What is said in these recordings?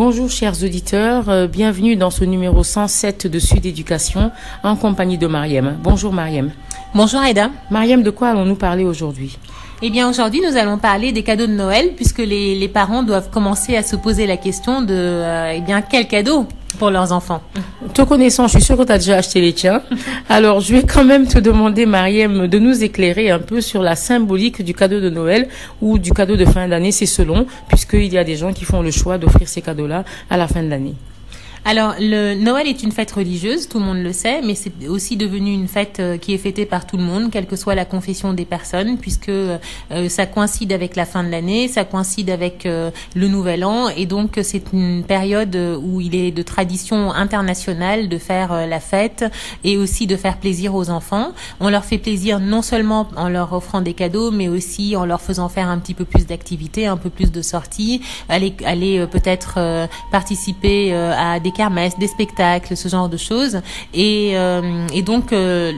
Bonjour chers auditeurs, euh, bienvenue dans ce numéro 107 de Sud Éducation en compagnie de Mariem. Bonjour Mariem. Bonjour Aïda. Mariem, de quoi allons-nous parler aujourd'hui Eh bien aujourd'hui, nous allons parler des cadeaux de Noël puisque les, les parents doivent commencer à se poser la question de euh, eh bien quel cadeau pour leurs enfants. Te connaissant, je suis sûre que tu as déjà acheté les tiens. Alors, je vais quand même te demander, Mariem, de nous éclairer un peu sur la symbolique du cadeau de Noël ou du cadeau de fin d'année, c'est selon, puisqu'il y a des gens qui font le choix d'offrir ces cadeaux-là à la fin de l'année. Alors, le Noël est une fête religieuse, tout le monde le sait, mais c'est aussi devenu une fête euh, qui est fêtée par tout le monde, quelle que soit la confession des personnes, puisque euh, euh coïncide avec la fin de l'année, ça coïncide avec euh, le Nouvel An, et donc c'est une période où il est de tradition internationale de faire la fête et aussi de faire plaisir aux enfants. On leur fait plaisir non seulement en leur offrant des cadeaux, mais aussi en leur faisant faire des kermesses, des spectacles, ce genre de choses. Et, euh, et donc, euh,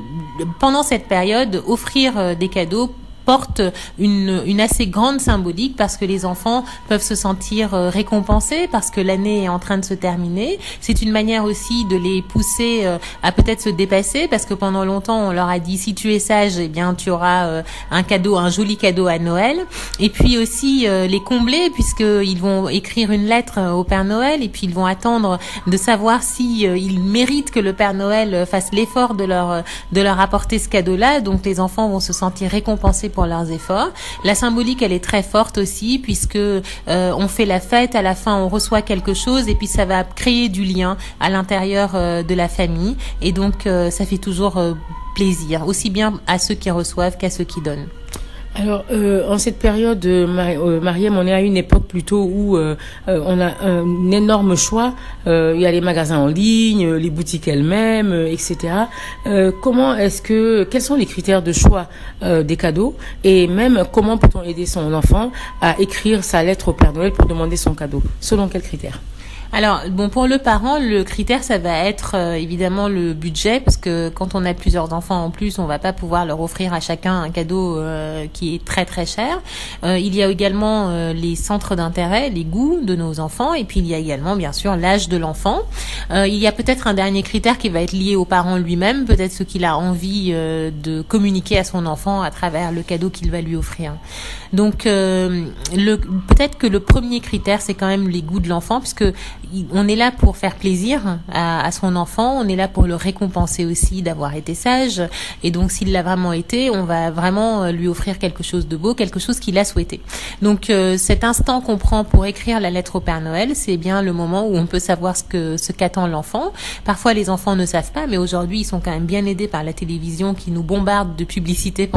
pendant cette période, offrir euh, des cadeaux porte une, une assez grande symbolique parce que les enfants peuvent se sentir euh, récompensés parce que l'année est en train de se terminer. C'est une manière aussi de les pousser euh, à peut-être se dépasser parce que pendant longtemps on leur a dit si tu es sage, eh bien tu auras euh, un joli cadeau à Noël. Et puis aussi les combler puisqu'ils vont écrire une lettre au Père Noël et puis ils vont attendre de savoir si méritent que le Père Noël fasse l'effort de pour leurs efforts. La symbolique, elle est très forte aussi, puisque euh, on fait la fête, à la fin on reçoit quelque chose, et puis ça va créer du lien à l'intérieur euh, de la famille. Et donc, euh, fait toujours euh, plaisir, aussi bien à ceux qui reçoivent qu'à ceux qui donnent. Alors, euh, en cette période, euh, euh, Mariam, on est à une époque plutôt où euh, euh on a un énorme choix. Euh, il y a les magasins en ligne, les boutiques elles-mêmes, etc. comment est-ce que, quels sont les critères de choix des cadeaux et même comment peut-on aider son enfant à écrire sa lettre au Père Noël pour demander son cadeau Selon quels critères Alors, pour le parent, le critère, ça euh, parce que quand on a plusieurs enfants en plus, on va pas pouvoir leur offrir à chacun un cadeau euh, qui est très très cher. Euh, il y a également les centres d'intérêt, les goûts de nos enfants, et puis il y a également, bien sûr, l'âge de l'enfant. il y a peut-être un dernier critère qui va être lié au parent lui-même, peut-être ce qu'il a envie de communiquer à son enfant à travers le cadeau qu'il va lui offrir. peut-être que le on est là pour faire plaisir à, son enfant, on est là pour le récompenser aussi d'avoir été sage. Et s'il l'a vraiment été, on va vraiment euh, lui offrir quelque chose de beau, quelque chose qu'il a souhaité. Donc, euh, cet instant qu'on prend pour écrire la lettre au Père Noël, c'est bien le moment où on peut savoir ce qu'attend l'enfant. Parfois, les enfants ne savent pas, mais aujourd'hui, ils sont quand même bien aidés par la télévision qui nous bombarde de publicité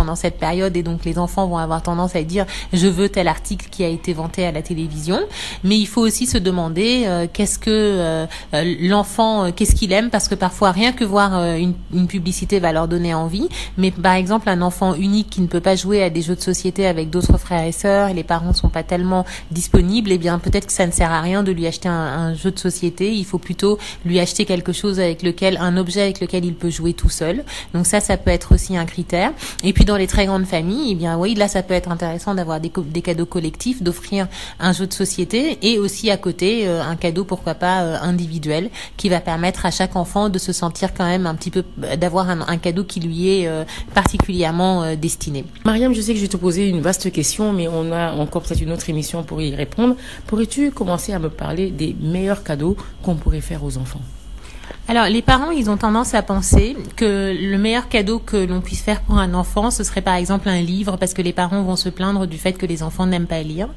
a qu'est-ce que euh, euh, l'enfant, euh, qu'est-ce qu'il aime, parce que parfois rien que voir une, une, publicité va leur donner envie. Mais par exemple, un enfant unique qui ne peut pas jouer à des jeux de société avec d'autres frères et sœurs, et les parents sont pas tellement disponibles, et eh bien peut-être que ça ne sert à rien de lui acheter un, jeu de société. Il faut plutôt lui acheter quelque chose avec lequel, un objet avec lequel il peut jouer tout seul. Donc ça, peut être aussi un vélo, pourquoi pas euh, individuel, qui va permettre à chaque enfant de se sentir quand même un petit peu, euh, d'avoir un, un, cadeau qui lui est euh, particulièrement destiné. Mariam, je sais que je vais te poser une vaste question, mais on a encore peut-être une autre émission pour y répondre. Pourrais-tu commencer à me parler des meilleurs cadeaux qu'on pourrait faire aux enfants Alors, les parents, ils ont tendance à penser que le meilleur cadeau que l'on puisse faire pour un enfant, ce serait par exemple un livre, parce que les parents vont se plaindre du fait que les enfants n'aiment pas lire.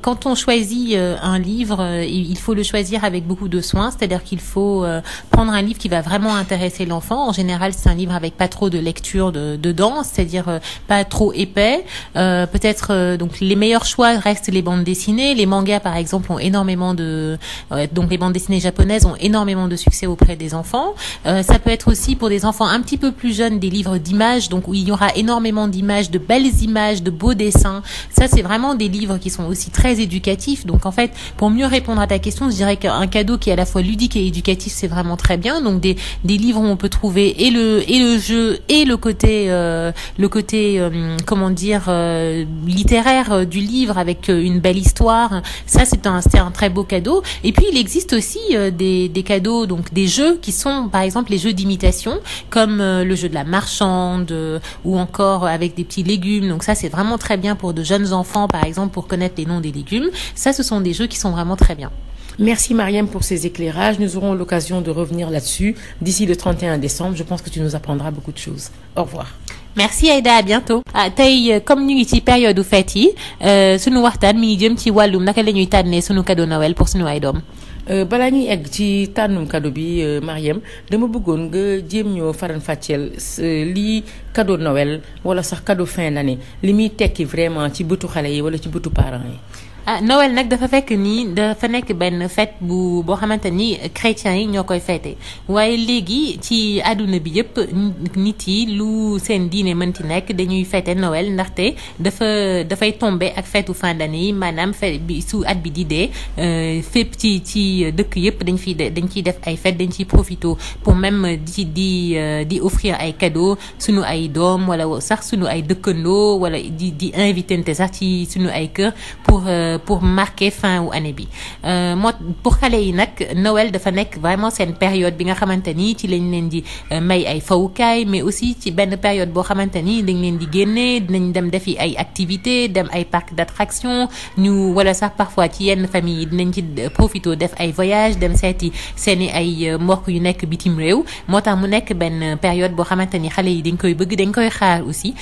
quand on choisit euh, un livre, euh, il faut le choisir avec beaucoup de soin, c'est-à-dire qu'il faut euh, prendre un livre qui va vraiment intéresser l'enfant. En général, c'est un livre avec pas trop de lecture de, dedans, c'est-à-dire pas trop épais. Peut-être, auprès des enfants. Euh, ça peut être aussi pour des un petit peu plus jeunes des livres d'images, donc il y aura énormément d'images, de belles images, de beaux dessins. c'est vraiment des livres qui sont aussi très éducatifs. pour mieux répondre à ta question, je dirais qu'un cadeau qui est à la fois ludique et éducatif, c'est vraiment très bien. des, livres où on peut trouver et le jeu et le côté euh, euh, comment dire euh, littéraire du livre avec une belle histoire. c'est un très beau cadeau. Et des jeux qui sont, par exemple, les jeux d'imitation, comme euh, le jeu de la marchande euh, ou encore avec des petits légumes. Donc c'est vraiment très bien pour de jeunes enfants, par exemple, pour connaître les noms des légumes. ce sont des jeux qui sont vraiment très bien. Merci Mariam pour ces éclairages. Nous aurons l'occasion de revenir là-dessus d'ici le décembre. Je pense que tu nous apprendras beaucoup de choses. Au revoir. Ah, euh, mi ngi jëm ci wàllum Euh, balaa ñuy egg ci tànnum cadeau bi euh, Mariem dama bëggoon nga jéem ñoo faran fàcceel euh, lii cadeau nowel wala sax cadeau fin d'année li muy tekki vraiment ci bëtu xale yi wala ci bëtu parents yi ah Noël nag dafa fekk nii dafa nekk benn fête bu boo xamante nii chrétiens yi ñoo koy féete waaye léegi ci àdduna bi yëpp nit yi lu seen diine mën ci nekk dañuy féete Noël ndaxte dafa dafay tombe ak feetu fin yi maanaam fête bi su at bi di dee euh, fépp ci ci dëkk yëpp dañ fiy dañ ciy def ay fête dañ ciy profito pour même di di euh, di offrir ay cadeaux suñu ay doom wala sax suñu ay dëkkandoo wala di di invité nte sax ci suñu ay kër pour. Euh, pour marquer fin wu année bi euh, moo pour xale yi nag Noël dafa nekk vraiment seen période bi nga xamante ni ci lañ leen di euh, may ay fawukaay mais aussi ci benn période boo xamante ni dañ leen di génnee dinañ dem defi ay activités dem ay parc d'attraction ñu wala sax parfois ci yenn famille yi dinañ ci euh, profito def ay voyage dem seeti seeni ay mbokk yu nekk bitim réew moo tax mu nekk benn période boo xamante ni xale yi dañ koy bëgg dañ koy xaar aussi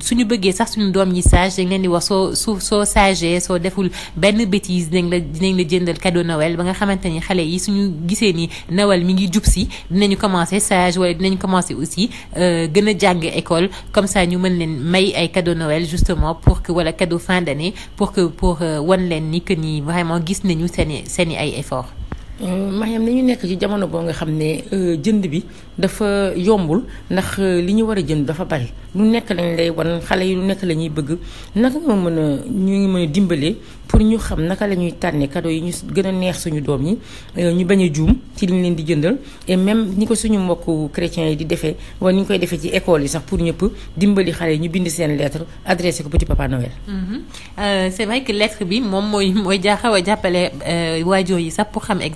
suñu bëggee sax suñu doom yi sage dañ leen di wax soo soo sagee soo deful benn bêtise dinañ la dinañ la jëndal cadeau Noël ba nga xamante ni xale yi suñu gisee ni Noël mi ngi jub si dinañu commencé sage wala dinañ commencé aussi euh, gën a jàng école comme ça ñu mën leen may ay cadeau Noël justement pour que wala cadeau fin d'année pour que pour euh, wan leen ni que ni vraiment gis nañu seen i seen i ay effort Euh, Mariam nañu nekk ci jamono boo nga xam ne euh, jënd bi dafa yombul ndax euh, li ñu war a jënd dafa bari lu nekk lañ lay wan xale yi lu nekk la ñuy bëgg naka nga mën ñu ngi mën a dimbalee pour ñu xam naka la ñuy tànne cadeau yi ñu gën a neex suñu doom yi ñu bañ a juum ci liñ leen di jëndal e même ni ko suñu mbokk chrétiens yi di defee wala ni ñu koy defee ci école yi sax pour ñëpp dimbali xale yi ñu bind seen lettre adressé ko petit papa Noël. Mm-hmm. c'est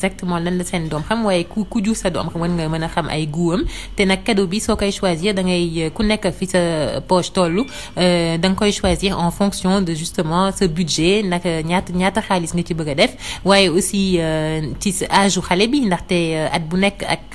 exactement lan la seen doom xam waaye ku ku jur sa doom xam war nga mën a xam ay guwam te nag cadeau bi soo koy choisir da ngay euh, ku nekk fi sa poche toll euh, da koy choisir en fonction de justement sa budget nag ñaata ñaata xaalis nga ci bëgg a def waaye aussi euh, ci sa âge xale bi ndaxte at bu nekk ak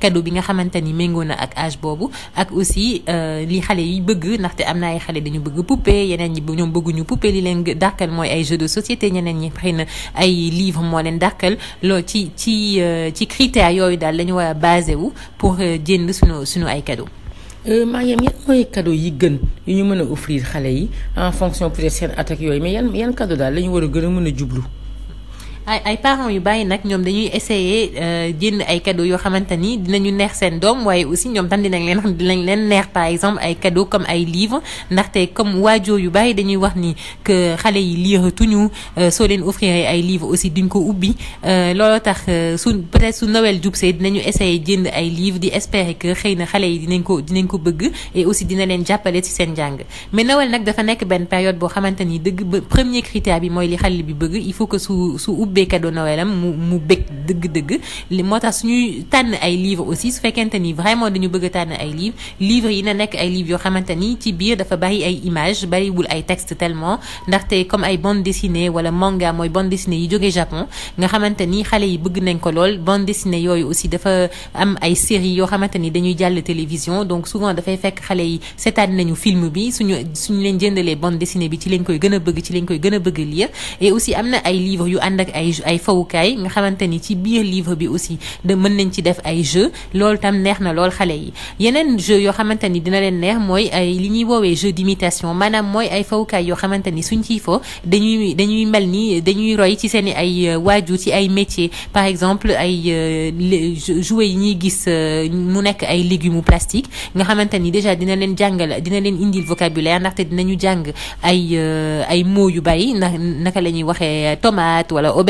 cadeau bi nga xamante ni méngoo na ak âge boobu ak aussi li xale yi bëgg ndaxte am na ay xale dañu bëgg poupée yeneen ñi ñoom bëgguñu poupée li leen dàkkal mooy ay jeux de société ñeneen ñi xëy ay livre moo leen dàkkal loolu ci ci euh, ci critères yooyu daal la ñu war a basé wu pour euh, jënd suñu suñu ay cadeaux. Euh, Mariam yan mooy cadeau yi gën yu ñu mën a offrir xale yi en fonction peut-être seen attaque yooyu mais yan yan cadeau daal lañu ñu war a gën a mën a jublu. ay ay parents yu bàyyi nag ñoom dañuy essayer euh, jënd ay cadeaux yoo xamante ni dinañu neex seen doom waaye aussi ñoom tam dinañ leen dinañ leen neex par exemple ay cadeaux comme ay livres ndaxte comme waajur yu bàyyi dañuy wax ni que xale yi liiratuñu euh, soo leen offrir ay livre aussi duñ ko ubbi euh, looloo tax su peut-être su Noël jubsee dinañu essayer jënd ay livres di espérer xëy na xale yi dinañ ko dinañ ko bëgg et aussi dina leen jàppale ci seen njàng mais Noël nag dafa nekk benn période boo xamante ni dëgg premier critère bi mooy li xale bi bëgg il faut que su su ubbee cadeau Noëlam mu mu bëgg dëgg-dëgg li moo tax suñuy tànn ay livres aussi su fekkente ni vraiment dañu bëgg tànn ay livres livres yi na nekk ay livres yoo xamante ni ci biir dafa bari ay images bariwul ay textes tellement ndaxte comme ay bande dessinée wala manga mooy bande dessinée yi jógee Japon nga xamante ni xale yi bëgg nañ ko lool bande dessinée yooyu aussi dafa am ay séries yoo xamante ni dañuy jàll télévision donc souvent dafay fekk xale yi seetaan nañu film bi suñu suñu leen jëndalee bande dessinée bi ci lañ koy gën a bëgg ci lañ koy gën a bëgg ay ay fawukaay nga xamante ni ci biir livre bi aussi de mën nañ ci def ay jeux lool tam neex na lool xale yi yeneen jeux yoo xamante ni dina leen neex mooy ay li ñuy woowee jeu d'imitation maanaam mooy ay fawukaay yoo xamante ni suñ ciy fo dañuy dañuy mel ni dañuy roy ci seen i ay euh, waajur ci ay métiers par exemple ay euh, jouets yi ñuy gis euh, mu nekk ay légumes plastique nga xamante ni déjà dina leen jàngal dina leen indil vocabulaire ndaxte dinañu jàng ay ay mots yu bari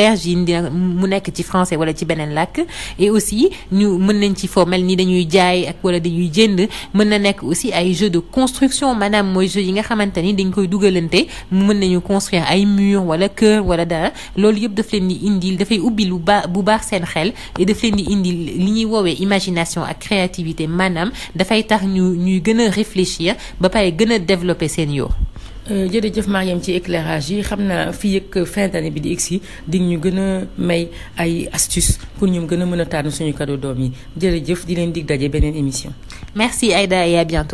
vierge yi dina mu nekk ci français wala ci beneen làkk et aussi ñu mën nañ ci foo mel ni dañuy jaay ak wala dañuy jënd mën na nekk aussi ay jeux de construction maanaam mooy jeux yi nga xamante ni dañ koy dugalante mën nañu construire ay mur wala kër wala dara loolu yëpp daf leen di dafay ubbi lu baax bu baax seen xel et daf leen di indil li ñuy woowee imagination ak créativité maanaam dafay tax ñu ñuy gën a réfléchir ba pare gën a développer seen yoo Euh, jërëjëf Mariam ci éclairage yi xam naa fi ak fin bi di egg si di ñu gën a may ay astuces pour ñoom gën a mën a tànn suñu cadeau doom yi jërëjëf di leen dig daje beneen émission. merci Aïda et à